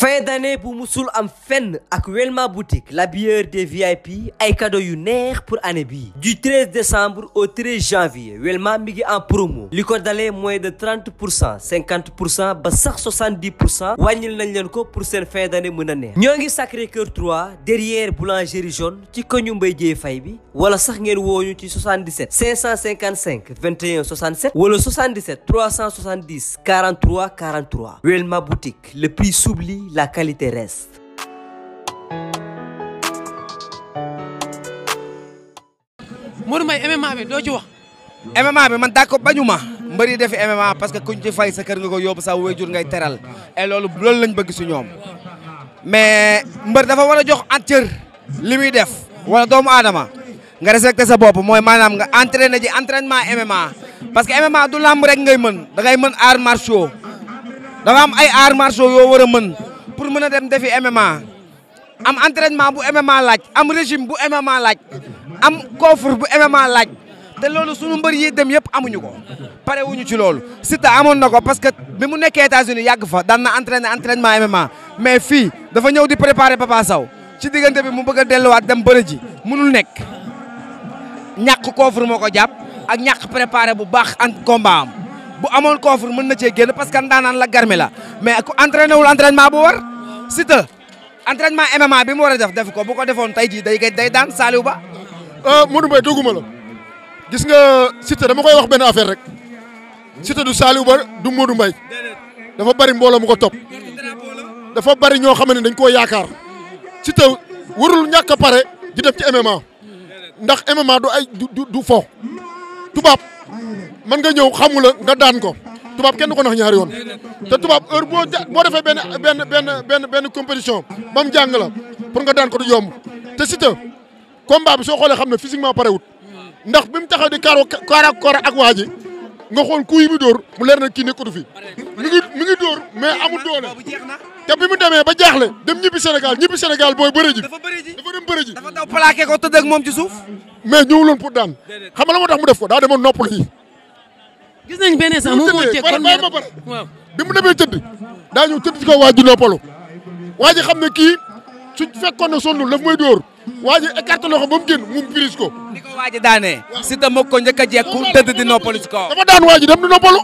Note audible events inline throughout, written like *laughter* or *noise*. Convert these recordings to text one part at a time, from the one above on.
fin d'année bu musul am fenn ak Welma boutique la bière des VIP ay cadeau yu neex pour anne bii du 13 décembre au 13 janvier Welma mi ngi en promo li ko dalee moins de 30 pour cent 50 pour cent ba sax 70 pour cent wàññil nañ leen ko pour seen fin d'année mën a neex ñoo ngi Sacré Cœur 3 derrière boulangerie jaune ci koñu mbay Dieye Faye bi wala sax ngeen wooñu ci 77 555 21 67 wala 77 370 43 43 Welma boutique le prix s'oublie la qualité reste. Modou MMA bi doo ci wax. MMA bi man daa ko bañu ma mbëri defi MMA parce que kuñ ci fay sa kër nga ko yóbbu sa wéjur ngay teral et loolu lool lañ bëgg si ñoom mais mbër dafa war a jox entier muy def wala doomu adama nga respecté sa bopp mooy maanaam nga entraîné ji entraînement MMA parce que MMA du lamb rek ngay mën da ngay mën arts martiaux dafa am ay arts martiaux yoo war a mën pour mën a dem defi MMA am entraînement bu MMA laaj am régime bu MMA laaj am coffre bu MMA laaj te loolu sunu mbër yi dem yëpp amuñu ko pare wuñu ci loolu Siteu amoon na ko parce que bi mu nekkee États-Unis yàgg fa daan na entraîné entraînement MMA mais fii dafa ñëw di préparer Papa Sow ci diggante bi mu bëgg a delluwaat dem bëre ji munul nekk ñàkk coffre moo ko jàpp ak ñàkk préparé bu baax en combat am bu amoon coffre mën na cee génn parce que ndaanaan la garmi la mais ku Siteu entraînement MMA bi mu war a def def ko bu ko defoon tey jii day day daan Saliou Ba. Euh, Modou Mbaye dugguma la gis nga Siteu dama koy wax benn affaire rek Siteu du Saliou Ba du Modou Mbaye dafa bari mboola mu ko topp dafa bari ñoo xam ne dañ koo yaakaar Siteu warul ñàkk a pare di def ci MMA ndax MMA du ay du fo tubaab mën nga ñëw xamula nga daan ko. tubaab kenn du ko nax ñaari yoon te tubaab heure boo defee benn benn benn benn benn compétition ba mu jàng la pour nga daan ko yomb te Siteu combat bi soo xoolee xam ne physiquement pare wut ndax bi mu taxaw di kaaroo kaara koora ak waa ji nga xool ku yi mu dóor mu leer na kii nekkatu fi ngi mi ngi dóor doole te bi mu demee ba jaaxle dem ñibbi Sénégal ñibbi Sénégal booy bëre ji dafa dafa daw plaqué ko tëdd ak moom ci suuf mais ñëwuloon pour daan xam moo tax mu def ko daa demoon noppal yi gis nañ benn sax mu mujjee kon mais waaw tëdd daa ñëw tëdd ci kaw waa ji noppalu waa ji xam ne kii su fekkoon ne sonnul daf may dóor waa ji écarté loxo ba mu génn mu prise ko. ni ko waa si te moo ko njëkk a tëdd di noppalu ci kawam. dafa daan waa ji dem di noppalu.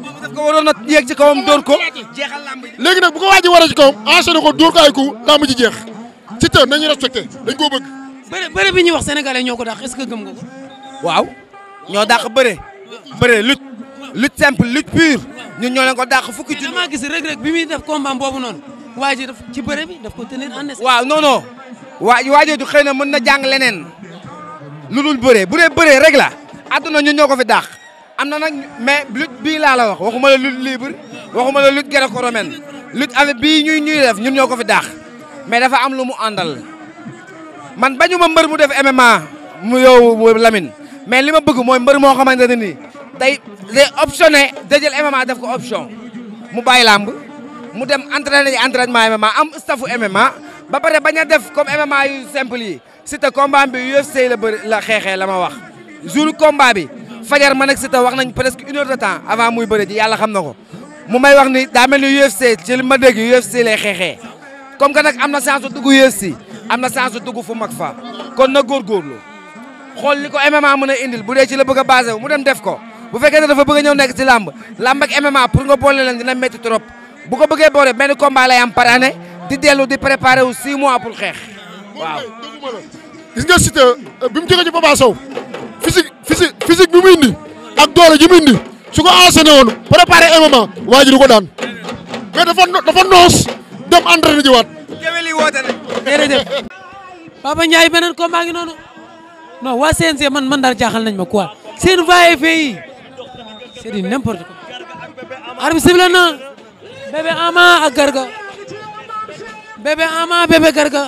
boobu daf ko waroon a yéeg ci kawam dóor ko. jeexal lamb ji léegi nag bu ko waa ji waree ci kawam enchaîné ko dóor ko ay coup lamb ji jeex ci te nañu respecté dañ koo bëgg. bëre bëre bi ñuy wax sénégalais ñoo ko dàq est-ce que nga ko. waaw ñoo dàq bëre. bëree lutte lutte simple lutte pure ñu ñoo leen ko dàq fukki junni. mais gis Reug bi muy def combat boobu noonu waa ci bëre bi ko tenir en escale. waaw non non waa waajoo du xëy na mën na jàng leneen lu dul bëree bu dee bëree rek la àdduna ñun ñoo ko fi dàq. am na nag mais lutte bii laa la wax waxuma la lutte libre waxuma la lutte gréco-romaine bi avec bii ñuy ñuy def ñun ñoo ko fi dàq mais dafa am lu mu àndal man bañu ma mbër mu def MMA mu yow Lamine mais li ma bëgg mooy mbër moo xamante ne nii. tey day optionné da jël MMA def ko option mu bàyyi làmb mu dem entraîné ji entraînement MMA am staffu MMA ba pare bañ a def comme MMA yu simple yi Siteu combat bi UFC la bëri la xeexee la ma wax jour combat bi fajar man ak Siteu wax nañ presque une heure de temps avant muy bëri ji yàlla xam na ko mu may wax ni daa mel ni UFC ci li ma dégg UFC lay xeexee comme que nag am na chance su dugg UFC am na chance su dugg fu mag fa kon na góorgóorlu xool li ko MMA mën a indil bu dee ci la a basé wu mu dem def ko bu fekkee ne dafa bëgg a ñëw nekk ci làmb làmb ak MMA pour nga boole leen dina métti trop bu ko bëggee boole benn combat lay di dellu di préparer wu 6 mois pour xeex waaw. gis nga Siteu euh, bi mu jógee ci Papa Sow physique physique physique bi mu indi ak doole ji mu indi su ko enseigné woon préparer MMA waa ji du ko daan mais dafa dafa noos dem entraîné jiwaat. jëwel yi woote na jërëjëf. Papa Ndiaye beneen combat ngi noonu non waa CNG man man daal jaaxal nañ ma quoi seen va c'est du n'importe quoi. arbitre sifflé na Bébé Ama Garga Bébé Ama Bébé Garga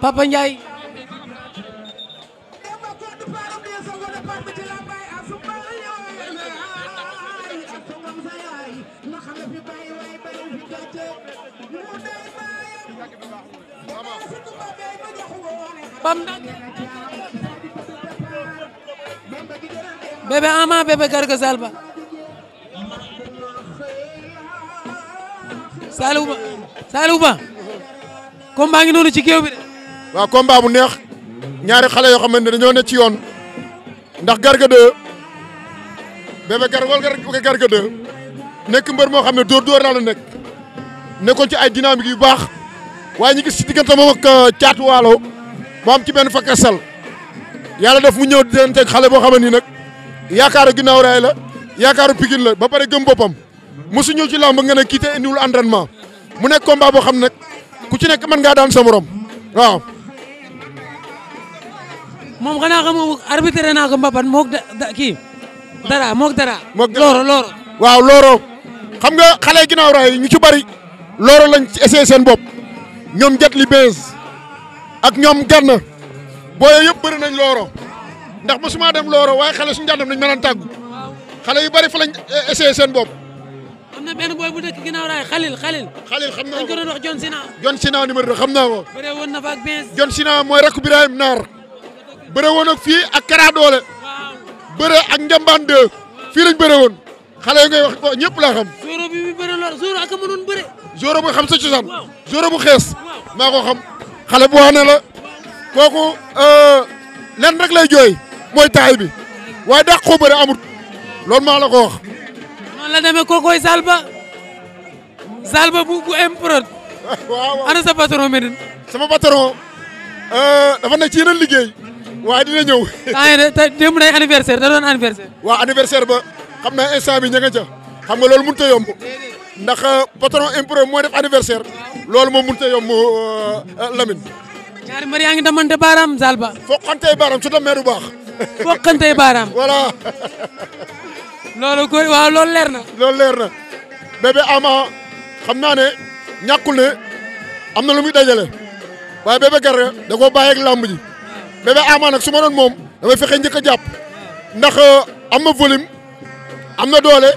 Papa Ndiaye Bébé Ama Garga Zalba Saliou Ba Saliou Ba combat ngi noonu ci géew bi de. waaw combat neex ñaari xale yoo xamante ne dañoo ne ci yoon ndax Garga 2 Bébé Garga wala Garga 2 nekk mbër moo xam ne dóor dóor naa la nekk nekkoon ci ay bi yu baax waaye ñu gis ci diggante moom ak Caatu euh, Waalo mu am ci benn fakasal yàlla def mu ñëw di leen teg xale boo xam ne nii nag yaakaaru ginnaaw raay la yaakaaru Pikine la ba pare gëm boppam. mosu ñëw ci làmb nga ne kii te indiwul entraînement mu nekk combat boo xam nag ku ci nekk mën ngaa daan sa morom waaw. moom xanaa xam nga arbitré naa ko Mbapat moog da kii dara dara. moog dara looro looro. waaw looro xam nga xale ginnaaw raay ñu ci bari looro lañ ci seen bopp ñoom jet li ak ñoom ganna booyo yëpp bëri nañ looro ndax mosuma dem looro waaye xale suñu daan dem nañ mën a tàggu xale yu bari fa lañ eh, essayé seen bopp. benn booy bu dëkk ginnaaw raay xalil xam naa ko dañ ko doon wax John xam na fa ak Benz John Naar bëree ak fii ak Kara Doole bëree ak Njambaan 2 fii lañ bëree woon xale yi ngay wax ñëpp laa xam Zoro bi bi bëri lool Zoro ak a mënoon bëre xam sa cosaan Zoro bu xees maa ko xam xale bu wane la kooku euh, lenn rek lay jooy mooy taay bi waaye dàq koo bëre amut loolu maa la ko wax noonu la demee kookooy Salba Salba bu bu improd. *laughs* waaw sa patron Médine. sama patron euh, dafa nekk ci yeneen liggéey waaye dina ñëw. temps *laughs* de tey démb day anniversaire da doon anniversaire. waa anniversaire ba xam naa instant bi ña nga ca xam nga loolu mënut a yomb ndax euh, patron impro mooy def anniversaire loolu moom mënut a yomb euh, Lamine. ñaari mbër yaa ngi damante baaraam Salba. foqante baaraam su ta meeru baax. foqante baaraam *laughs* voilà. loolu ko waaw loolu leer na. loolu leer na bébé Ama xam naa ne ñàkkul ne am na lu muy dajale waaye bébé Garga da koo bàyyi làmb ji bébé Ama nag su ma doon moom damay fexe njëkk a jàpp ndax euh, am na volume am na doole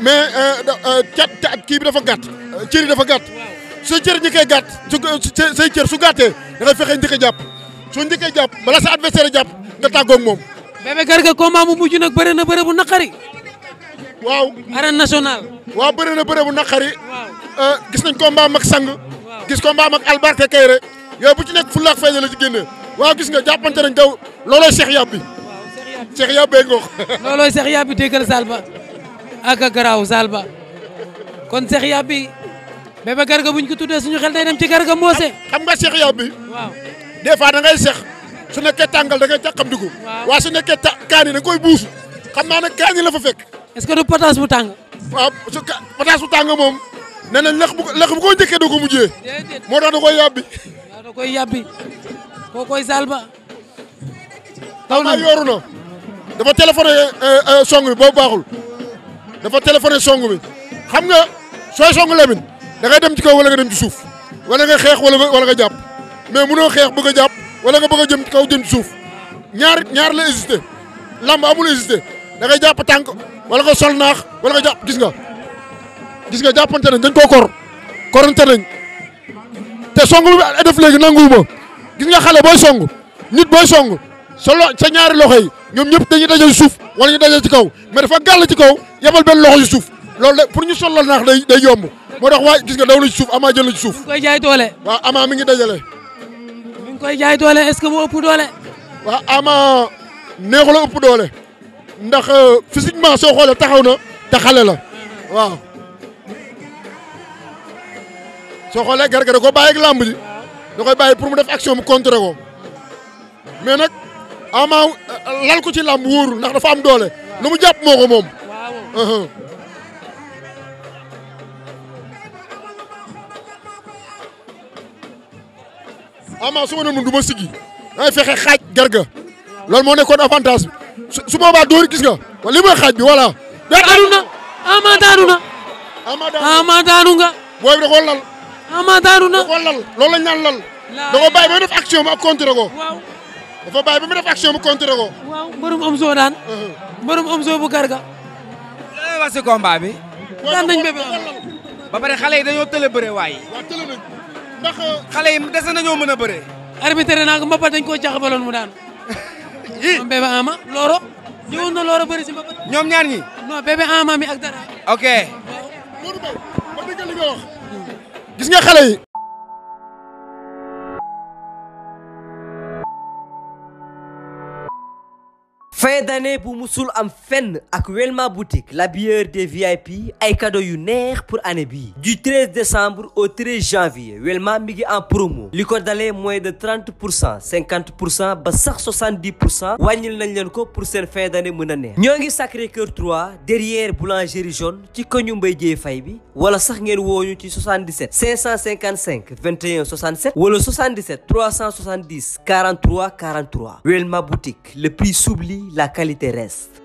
mais euh, euh, cat cat kii bi dafa gàtt cër yi dafa gàtt sa cër njëkkee gàtt su say cër su gàttee da ngay fexe njëkk jàpp soo njëkkee jàpp bala sa adversaire jàpp nga tàggoog moom. bébé Garga combat mu mujj nag bëre na bëre bu naqari. waaw arène nationale. waa bëri na bëre bu naqari. waaw euh, gis nañ combat mag sang. gis combat mag Albarté Kayre. yooyu bu ci nekk fulla ak fayda la ci génne. gis nga jàppante nañ daw loolooy Cheikh Yabbi. waaw Cheikh Yabbi Cheikh Yabbi ngox. loolooy Cheikh Yabbi déggal Salba ak garaaw Salba kon Cheikh Yabbi Bébé Garga buñ ko tuddee suñu xel day dem ci Garga Mbossé. xam nga Cheikh Yabbi. waaw des fois da ngay seex su nekkee tàngal da ngay càqam dugub. waaw waaye nekkee ta kaani da koy buusu xam naa nag la fa fekk. est-ce que du potaas bu tàng. waaw su ka potaas bu tàng moom nee na lex bu ko lex bu ko njëkkee doo ko mujjee. moo tax koy yàbbi. waaw koy yàbbi koo koy salba. taw na yooru na dafa téléphoné euh, euh, song bi boobu baaxul dafa téléphoné song bi xam nga sooy song Lamine da ngay dem ci kaw wala nga dem ci suuf wala nga xeex wala wala nga jàpp mais mënoo xeex bëgg jàpp wala nga bëgg jëm ci kaw jëm suuf ñaar ñaar la hésité amul hésité da ngay jàpp tànk. wala nga sol naax wala nga jàpp gis nga gis nga jàppante nañ dañ koo kor korante nañ te song bi def léegi nanguwuma gis nga xale booy song nit booy song sa lo sa ñaari loxo yi ñoom ñëpp dañuy dajal suuf wala ñu dajal ci kaw mais dafa gàll ci kaw yebal benn loxo ci suuf loolu de pour ñu sol naax day day yomb moo tax waay gis nga daw na ci suuf amaa jël na ci suuf. mi koy jaay doole. waaw amaa mi ngi dajale. mi ngi koy jaay doole est-ce que mu ëpp doole. waa amaa neexu la ëpp doole. ndax euh, physiquement soo xoolee taxaw na te xale la waaw soo xoolee Garga ko bàyyi ak làmb ji da koy bàyyi pour mu def mu contrer ko mais nag ama euh, lal ko ci làmb wóorul ndax dafa am doole lu mu jàpp moo ko moom ama su ma noonu du ma siggi dangay fexe xaaj Garga loolu moo nekkoon avantage bi su boobaa dóor gis nga li mooy xaaj bi voilà. daanu na ama daanu na. ama nga. booy bi da koo lal. ama daanu na da koo lal loolu la ñu naan lal. da ko bàyyi ba mu def action mu ak contrer ko. waaw dafa bàyyi ba mu def action mu ko. waaw daan. Uh-huh. mbërum Omzo bu Garga. lan wax si combat bi. daan nañ bébé ba pare xale yi dañoo tële bëre waaye. waaw tële nañ uh, xale yi dese nañoo mën a bëre. arbitre naa ko Mbapha dañ koo jaxabaloon mu daan. *laughs* yii moom bébé Ama Loro. ñëwoon na Loro bëri si ma ñoom ñaar ñi. non Ama mi ak ok. gis nga yi. fin d'année bu musul am fenn ak Welma boutique la bière des VIP ay cadeau yu neex pour année bii du 13 décembre au 13 janvier Welma mi ngi en promo li ko dalee moins de 30 pour cent 50 pour cent ba sax 70 pour cent wàññil nañ leen ko pour seen fin d'année mën a neex ñoo ngi Sacré Cœur 3 derrière boulangerie jaune ci koñu Mbaye Dieye fay bi wala sax ngeen wooñu ci 77 555 21 67 wala 77 370 43 43 Welma boutique le prix s'oublie la qualité reste.